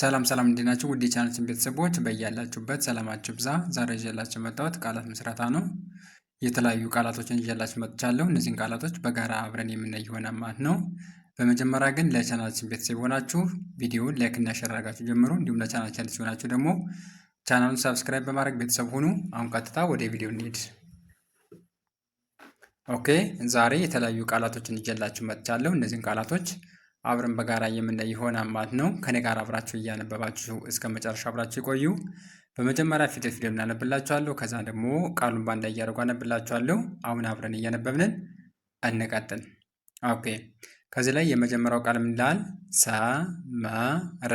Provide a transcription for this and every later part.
ሰላም ሰላም እንዲናችሁ ውድ የቻናችን ቤተሰቦች በያላችሁበት ሰላማችሁ ብዛ። ዛሬ ይዤላችሁ መጣሁት ቃላት ምስረታ ነው። የተለያዩ ቃላቶችን ይዤላችሁ መጥቻለሁ። እነዚህን ቃላቶች በጋራ አብረን የምናይ ይሆናል ማለት ነው። በመጀመሪያ ግን ለቻናችን ቤተሰብ የሆናችሁ ቪዲዮውን ላይክ እና ሼር አድርጋችሁ ጀምሩ። እንዲሁም ለቻናችን አዲስ የሆናችሁ ደግሞ ቻናሉን ሰብስክራይብ በማድረግ ቤተሰብ ሁኑ። አሁን ቀጥታ ወደ ቪዲዮ እንሂድ። ኦኬ ዛሬ የተለያዩ ቃላቶችን ይዤላችሁ መጥቻለሁ። እነዚህን ቃላቶች አብረን በጋራ የምናይ ይሆን ማለት ነው። ከኔ ጋር አብራችሁ እያነበባችሁ እስከ መጨረሻ አብራችሁ ይቆዩ። በመጀመሪያ ፊት ፊደል እናነብላችኋለሁ። ከዛ ደግሞ ቃሉን ባንዳ እያደረጉ አነብላችኋለሁ። አሁን አብረን እያነበብንን እንቀጥል። ኦኬ። ከዚህ ላይ የመጀመሪያው ቃል ምን ይላል? ሰመረ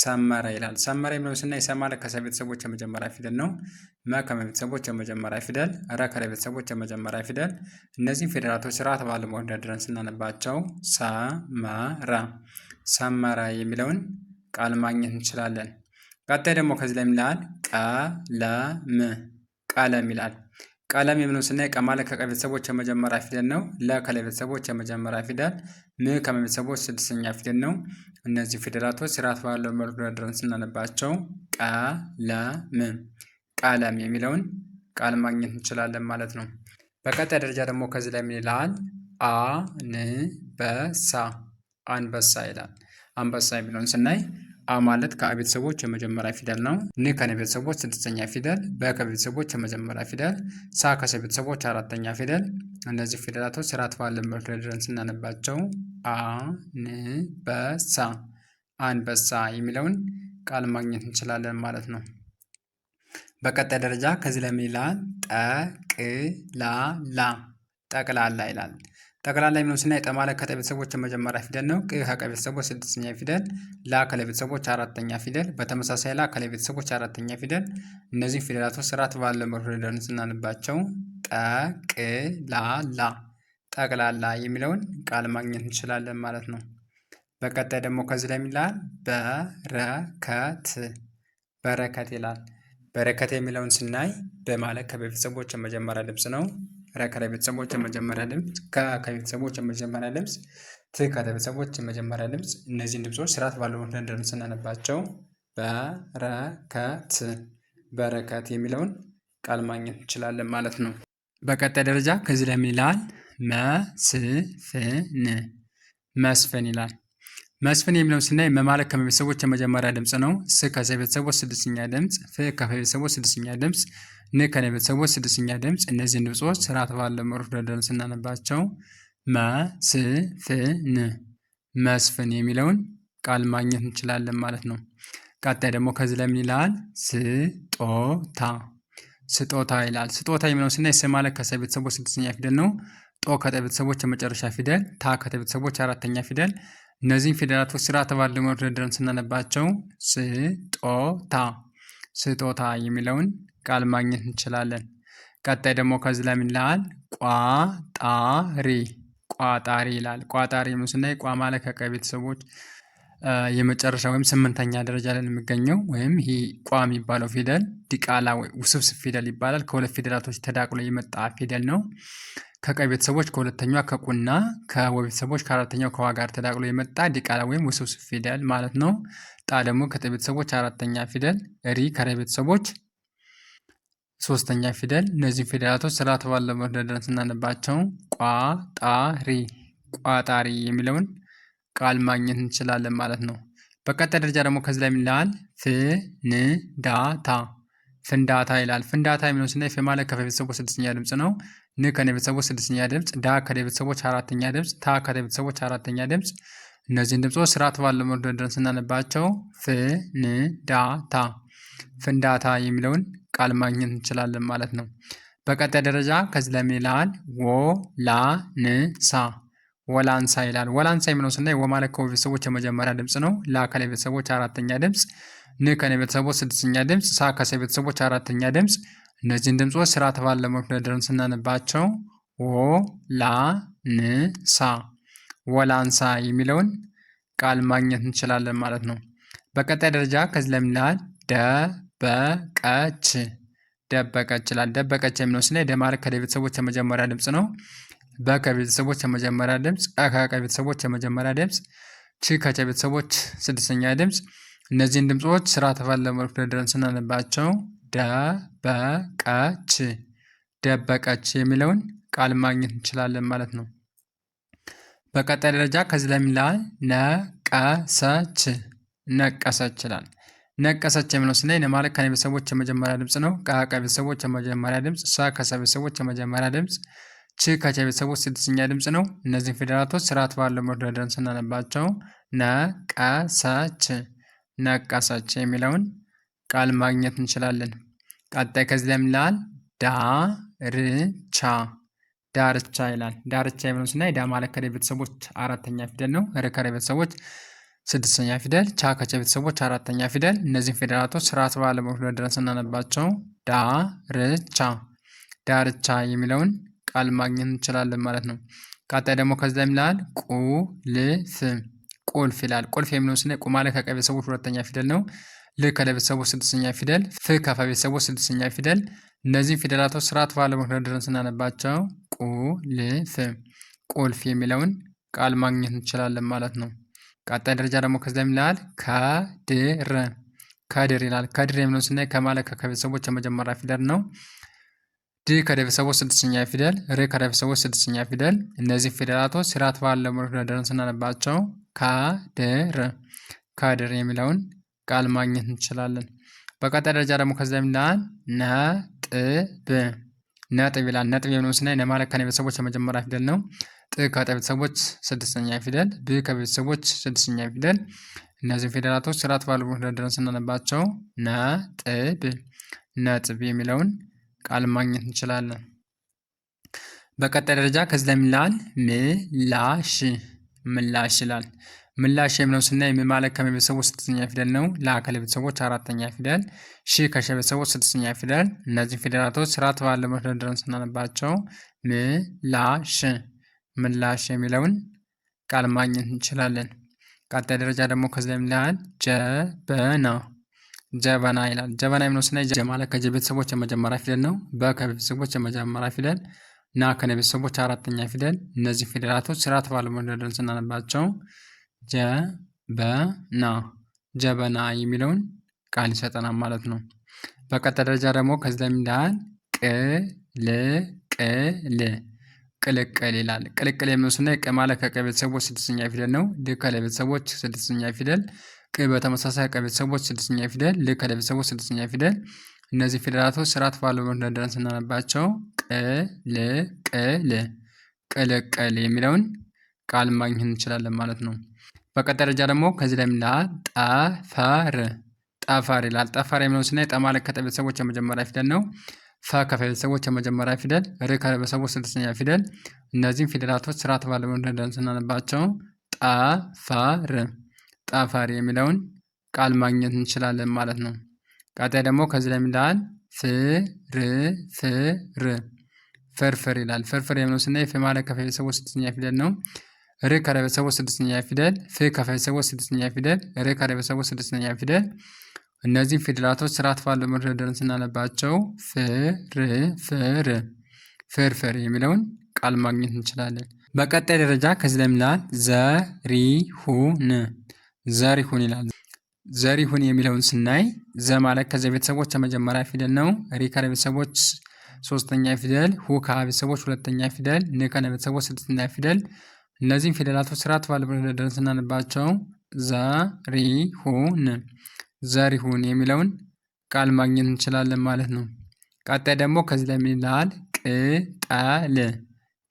ሰመረ ይላል። ሰመረ የሚለውን ስናይ ሰመረ ከሰ ቤተሰቦች የመጀመሪያ ፊደል ነው። መ ከመ ቤተሰቦች የመጀመሪያ ፊደል፣ ረ ከረ ቤተሰቦች የመጀመሪያ ፊደል። እነዚህም ፊደላቶች ስርዓት ባለው መወዳደረን ስናነባቸው ሰመረ ሰመረ የሚለውን ቃል ማግኘት እንችላለን። ቀጣይ ደግሞ ከዚህ ላይ ምን ይላል? ቀለም ቀለም ይላል። ቀለም የሚለውን ስናይ ቀማለ ከቀ ቤተሰቦች የመጀመሪያ ፊደል ነው። ለ ከለ ቤተሰቦች የመጀመሪያ ፊደል፣ ም ከመ ቤተሰቦች ስድስተኛ ፊደል ነው። እነዚህ ፊደላቶች ስርዓት ባለው መልኩ ደርድረን ስናነባቸው ቀለም ቀለም የሚለውን ቃል ማግኘት እንችላለን ማለት ነው። በቀጣይ ደረጃ ደግሞ ከዚህ ላይ ምን ይላል? አንበሳ አንበሳ ይላል። አንበሳ የሚለውን ስናይ አ ማለት ከአ ቤተሰቦች የመጀመሪያ ፊደል ነው። ን ከነ ቤተሰቦች ስድስተኛ ፊደል፣ በ ከቤተሰቦች የመጀመሪያ ፊደል፣ ሳ ከሰ ቤተሰቦች አራተኛ ፊደል። እነዚህ ፊደላቶች ስርዓት ባለ መልክ ደርድረን ስናነባቸው አ ን በሳ አንበሳ የሚለውን ቃል ማግኘት እንችላለን ማለት ነው። በቀጣይ ደረጃ ከዚህ ለምን ይላል? ጠቅላላ ጠቅላላ ይላል። ጠቅላላ የሚለውን ስናይ ጠማለ ከጠ ቤተሰቦች የመጀመሪያ ፊደል ነው። ቅ ከቀ ቤተሰቦች ስድስተኛ ፊደል፣ ላ ከለ ቤተሰቦች አራተኛ ፊደል፣ በተመሳሳይ ላ ከለ ቤተሰቦች አራተኛ ፊደል። እነዚህም ፊደላቶች ስርዓት ባለው መልኩ ሄደን ስናነባቸው ጠቅላላ ጠቅላላ የሚለውን ቃል ማግኘት እንችላለን ማለት ነው። በቀጣይ ደግሞ ከዚህ ላይ የሚላል በረከት በረከት ይላል። በረከት የሚለውን ስናይ በማለት ከቤተሰቦች የመጀመሪያ ድምፅ ነው። ረ ከለቤተሰቦች የመጀመሪያ ድምፅ፣ ከቤተሰቦች የመጀመሪያ ድምፅ፣ ት ከቤተሰቦች የመጀመሪያ ድምፅ። እነዚህን ድምፆች ስርዓት ባለው ደንደር ስናነባቸው በረከት በረከት የሚለውን ቃል ማግኘት እንችላለን ማለት ነው። በቀጣይ ደረጃ ከዚህ ላይ ምን ይላል? መስፍን መስፍን ይላል። መስፍን የሚለውን ስናይ መማለክ ከመቤተሰቦች የመጀመሪያ ድምፅ ነው። ስ ከሰ ቤተሰቦች ስድስተኛ ድምፅ፣ ፍ ከፈ ቤተሰቦች ስድስተኛ ድምፅ ን ከነ ቤተሰቦች ስድስተኛ ድምፅ እነዚህን ድምፆች ስራ ተባለ መሩፍ ደርደርን ስናነባቸው መስፍን መስፍን የሚለውን ቃል ማግኘት እንችላለን ማለት ነው። ቀጣይ ደግሞ ከዚህ ለምን ይላል? ስጦታ ስጦታ ይላል። ስጦታ የሚለውን ስናይ ስ ማለት ከሰ ቤተሰቦች ስድስተኛ ፊደል ነው። ጦ ከጠ ቤተሰቦች የመጨረሻ ፊደል፣ ታ ከተ ቤተሰቦች አራተኛ ፊደል። እነዚህን ፊደላቶች ስራ ተባለ መሩፍ ደርደርን ስናነባቸው ስጦታ ስጦታ የሚለውን ቃል ማግኘት እንችላለን። ቀጣይ ደግሞ ከዚህ ላይ ይላል? ቋጣሪ ቋጣሪ ይላል። ቋጣሪ የሚለውን ስናይ ቋ ማለት ከቀ ቤተሰቦች የመጨረሻ ወይም ስምንተኛ ደረጃ ላይ የሚገኘው ወይም ይህ ቋ የሚባለው ፊደል ዲቃላ ውስብስብ ፊደል ይባላል። ከሁለት ፊደላቶች ተዳቅሎ የመጣ ፊደል ነው። ከቀ ቤተሰቦች ከሁለተኛ ከቁና ከወ ቤተሰቦች ከአራተኛው ከዋ ጋር ተዳቅሎ የመጣ ዲቃላ ወይም ውስብስብ ፊደል ማለት ነው። ጣ ደግሞ ከጠ ቤተሰቦች አራተኛ ፊደል፣ ሪ ከረ ቤተሰቦች ሶስተኛ ፊደል። እነዚህ ፊደላቶች ስርዓት ባለው መደርደር ስናነባቸው ቋ፣ ጣ፣ ሪ ቋጣሪ የሚለውን ቃል ማግኘት እንችላለን ማለት ነው። በቀጣይ ደረጃ ደግሞ ከዚህ ላይ ይላል ፍንዳታ ፍንዳታ ይላል። ፍንዳታ የሚለውን ስናይ ፌ ማለት ከፌ ቤተሰቦች ስድስተኛ ድምፅ ነው። ን ከነ ቤተሰቦች ስድስተኛ ድምፅ፣ ዳ ከደ ቤተሰቦች አራተኛ ድምፅ፣ ታ ከደ ቤተሰቦች አራተኛ ድምፅ እነዚህን ድምፆች ስርዓት ባለው መደርደር ስናነባቸው ፍንዳታ ፍንዳታ የሚለውን ቃል ማግኘት እንችላለን ማለት ነው። በቀጣይ ደረጃ ከዚህ ላይ ይላል? ወላንሳ ወላንሳ ይላል። ወላንሳ የሚለውን ስናይ ወ ማለት ከወ ቤተሰቦች የመጀመሪያ ድምፅ ነው። ላ ከላ ቤተሰቦች አራተኛ ድምፅ፣ ን ከነ ቤተሰቦች ስድስተኛ ድምፅ፣ ሳ ከሰ ቤተሰቦች አራተኛ ድምፅ። እነዚህን ድምፆች ስርዓት ባለው መደርደር ስናነባቸው ወላንሳ ወላንሳ የሚለውን ቃል ማግኘት እንችላለን ማለት ነው። በቀጣይ ደረጃ ከዚህ ላይ ደበቀች ደበቀች ይላል። ደበቀች የሚለው ስለ ደማርክ ከቤተሰቦች የመጀመሪያ ድምፅ ነው። በከ ቤተሰቦች የመጀመሪያ ድምፅ፣ ከቀ ቤተሰቦች የመጀመሪያ ድምፅ፣ ቺ ከቸ ቤተሰቦች ስድስተኛ ድምፅ። እነዚህን ድምፆች ስራ ተፈለ መልኩ ደርድረን ስናነባቸው ደበቀች ደበቀች የሚለውን ቃል ማግኘት እንችላለን ማለት ነው። በቀጣይ ደረጃ ከዚህ ላይ የሚለዋል ነቀሰች ነቀሰች ይላል። ነቀሰች የሚለው ስናይ ነ ማለት ከነ ቤተሰቦች የመጀመሪያ ድምፅ ነው። ቀቀ ቤተሰቦች የመጀመሪያ ድምፅ፣ ሳ ከሰ ቤተሰቦች የመጀመሪያ ድምፅ፣ ች ከቸ ቤተሰቦች ስድስተኛ ድምፅ ነው። እነዚህ ፊደላቶች ስርዓት ባለው መደርደር ስናነባቸው ነቀሰች ነቀሰች የሚለውን ቃል ማግኘት እንችላለን። ቀጣይ ከዚህ ላይ የሚለዋል ዳርቻ ዳርቻ ይላል። ዳርቻ የሚለውን ስናይ ዳ ማለት ከደ ቤተሰቦች አራተኛ ፊደል ነው። ረ ቤተሰቦች ስድስተኛ ፊደል፣ ቻ ከቸ ቤተሰቦች አራተኛ ፊደል። እነዚህን ፊደላቶች ስርዓት ባለ መክሎ ድረስ እናነባቸው። ዳርቻ ዳርቻ የሚለውን ቃል ማግኘት እንችላለን ማለት ነው። ቀጣይ ደግሞ ከዛ ይላል ቁልፍ ቁልፍ ይላል። ቁልፍ የሚለውን ስናይ ቁ ማለት ከቀ ቤተሰቦች ሁለተኛ ፊደል ነው። ል ከለ ቤተሰቦች ስድስተኛ ፊደል፣ ፍ ከፈ ቤተሰቦች ስድስተኛ ፊደል እነዚህም ፊደላቶች ስርዓት ባለ ምክንያት ድረን ስናነባቸው ቁልፍ ቁልፍ የሚለውን ቃል ማግኘት እንችላለን ማለት ነው። ቀጣይ ደረጃ ደግሞ ከዚህ ላይ ይላል ከድር ከድር ይላል። ከድር የሚለውን ስናይ ከማለት ከቤተሰቦች የመጀመሪያ ፊደል ነው። ድ ከቤተሰቦች ስድስተኛ ፊደል፣ ር ከቤተሰቦች ስድስተኛ ፊደል። እነዚህ ፊደላቶች ስርዓት ባለ መልኩ ድረን ስናነባቸው ከድር ከድር የሚለውን ቃል ማግኘት እንችላለን። በቀጣይ ደረጃ ደግሞ ከዚህ ላይ ነ ነጥብ ነጥብ ይላል። ነጥብ የሚለውን ስናይ ነማለት ከነ ቤተሰቦች የመጀመሪያ ፊደል ነው። ጥ ከቤተሰቦች ስድስተኛ ፊደል፣ ብ ከቤተሰቦች ስድስተኛ ፊደል። እነዚህ ፊደላቶች ስርዓት ባለው ደርድረን ስናነባቸው ነጥብ ነጥብ የሚለውን ቃል ማግኘት እንችላለን። በቀጣይ ደረጃ ከዚህ ለሚላል ምላሽ ምላሽ ይላል። ምላሽ የሚለውን ስናይ የምማለት ከመ ቤተሰቦች ስድስተኛ ፊደል ነው። ላ ከለ ቤተሰቦች አራተኛ ፊደል፣ ሺ ከሸ ቤተሰቦች ስድስተኛ ፊደል። እነዚህ ፊደላቶች ስርዓት ባለው መደርደርን ስናነባቸው ምላሽ ምላሽ የሚለውን ቃል ማግኘት እንችላለን። ቀጣይ ደረጃ ደግሞ ከዚ ላይ ምላል ጀበና ጀበና ይላል። ጀበና የሚለውን ስናይ ጀ ማለት ከጀ ቤተሰቦች የመጀመሪያ ፊደል ነው። በ ከበ ቤተሰቦች የመጀመሪያ ፊደል ና ከነ ቤተሰቦች አራተኛ ፊደል። እነዚህ ፊደላቶች ስርዓት ባለው መደርደርን ስናነባቸው ጀበና ጀበና የሚለውን ቃል ይሰጠናል ማለት ነው። በቀጣይ ደረጃ ደግሞ ከዚህ ላይ ምንዳል ቅልቅል ቅልቅል ይላል። ቅልቅል የሚወስና ቅል ማለት ከቀ ቤተሰቦች ስድስተኛ ፊደል ነው። ል ከለ ቤተሰቦች ስድስተኛ ፊደል፣ ቅ በተመሳሳይ ቀ ቤተሰቦች ስድስተኛ ፊደል፣ ል ከለ ቤተሰቦች ስድስተኛ ፊደል። እነዚህ ፊደላቶች ስርዓት ባለው መደርደርን ስናነባቸው ቅልቅል ቅልቅል የሚለውን ቃል ማግኘት እንችላለን ማለት ነው። በቀጣይ ደረጃ ደግሞ ከዚህ ላይ ምና ጠፈር ጠፈር ይላል። ጠፈር የሚለውን ስናይ ጠ ማለት ከጠ ቤተሰቦች የመጀመሪያ ፊደል ነው። ፈ ከፈ ቤተሰቦች የመጀመሪያ ፊደል፣ ር ከቤተሰቦች ስድስተኛ ፊደል። እነዚህም ፊደላቶች ስርዓት ባለው መንገድ ስናነባቸው ጠፈር ጠፈር የሚለውን ቃል ማግኘት እንችላለን ማለት ነው። ቀጣይ ደግሞ ከዚህ ላይ ምንላል ፍርፍር ፍርፍር ይላል። ፍርፍር የሚለውን ስናይ ፍ ማለት ከፈ ቤተሰቦች ስድስተኛ ፊደል ነው። ር ካሬ ቤተሰቦች ስድስተኛ ፊደል ፍ ከቤተሰቦች ስድስተኛ ፊደል ር ካሬ ቤተሰቦች ስድስተኛ ፊደል እነዚህ ፊደላቶች ስርዓት ባለው መደርደርን ስናነባቸው ፍር ፍር ፍርፍር የሚለውን ቃል ማግኘት እንችላለን። በቀጣይ ደረጃ ከዚህ ላይ ዘሪሁን ዘሪሁን ይላል። ዘሪሁን የሚለውን ስናይ ዘ ማለት ከዚ ቤተሰቦች የመጀመሪያ ፊደል ነው። ሪ ከረ ቤተሰቦች ሶስተኛ ፊደል፣ ሁ ከሀ ቤተሰቦች ሁለተኛ ፊደል፣ ን ከነ ቤተሰቦች ስድስተኛ ፊደል እነዚህም ፊደላቶች ስርዓት ባለው መደርደር ስናነባቸው ዘሪሁን ዘሪሁን የሚለውን ቃል ማግኘት እንችላለን ማለት ነው። ቀጣይ ደግሞ ከዚህ ላይ ምን ይላል? ቅጠል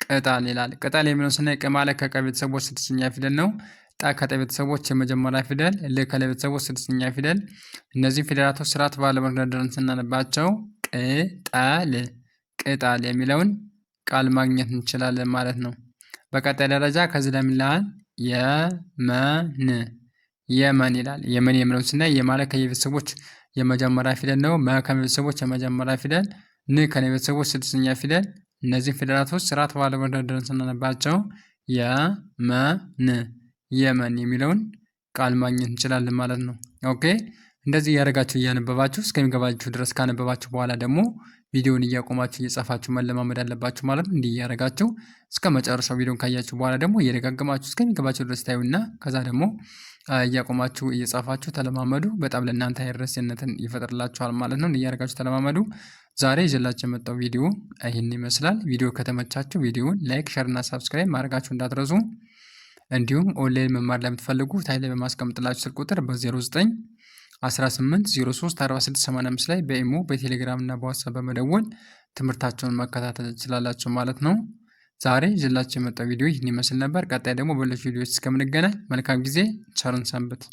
ቅጠል ይላል። ቅጠል የሚለውን ስናይ ቅ ማለት ከቀ ቤተሰቦች ስድስተኛ ፊደል ነው። ጣ ከጠ ቤተሰቦች የመጀመሪያ ፊደል፣ ል ከለ ቤተሰቦች ስድስተኛ ፊደል። እነዚህም ፊደላቶች ስርዓት ባለው መደርደር ስናነባቸው ቅጠል ቅጠል የሚለውን ቃል ማግኘት እንችላለን ማለት ነው። በቀጣይ ደረጃ ከዚህ ለሚላል የመን የመን ይላል። የመን የሚለው ስናይ የማለ ከየቤተሰቦች የመጀመሪያ ፊደል ነው። መ ከቤተሰቦች የመጀመሪያ ፊደል፣ ን ከቤተሰቦች ስድስተኛ ፊደል። እነዚህን ፊደላቶች ስርዓት ባለው መደርደር ስናነባቸው የመን የመን የሚለውን ቃል ማግኘት እንችላለን ማለት ነው። ኦኬ እንደዚህ እያደረጋችሁ እያነበባችሁ እስከሚገባችሁ ድረስ ካነበባችሁ በኋላ ደግሞ ቪዲዮውን እያቆማችሁ እየጻፋችሁ መለማመድ አለባችሁ ማለት ነው። እንዲህ እያደረጋችሁ እስከ መጨረሻው ቪዲዮን ካያችሁ በኋላ ደግሞ እየደጋገማችሁ እስከሚገባችሁ ድረስ ታዩና ከዛ ደግሞ እያቆማችሁ እየጻፋችሁ ተለማመዱ። በጣም ለእናንተ አይረሴነትን ይፈጥርላችኋል ማለት ነው። እያደረጋችሁ ተለማመዱ። ዛሬ ይዤላችሁ የመጣው ቪዲዮ ይህን ይመስላል። ቪዲዮ ከተመቻችሁ ቪዲዮውን ላይክ፣ ሸር እና ሳብስክራይብ ማድረጋችሁ እንዳትረሱ። እንዲሁም ኦንላይን መማር ለምትፈልጉ ታይ ላይ በማስቀምጥላችሁ ስልክ ቁጥር በ09 18034685 ላይ በኢሞ በቴሌግራም እና በዋትሳፕ በመደወል ትምህርታቸውን መከታተል ትችላላችሁ ማለት ነው። ዛሬ ይዤላችሁ የመጣው ቪዲዮ ይህን ይመስል ነበር። ቀጣይ ደግሞ በሌሎች ቪዲዮዎች እስከምንገናኝ መልካም ጊዜ፣ ቸርን ሰንብት።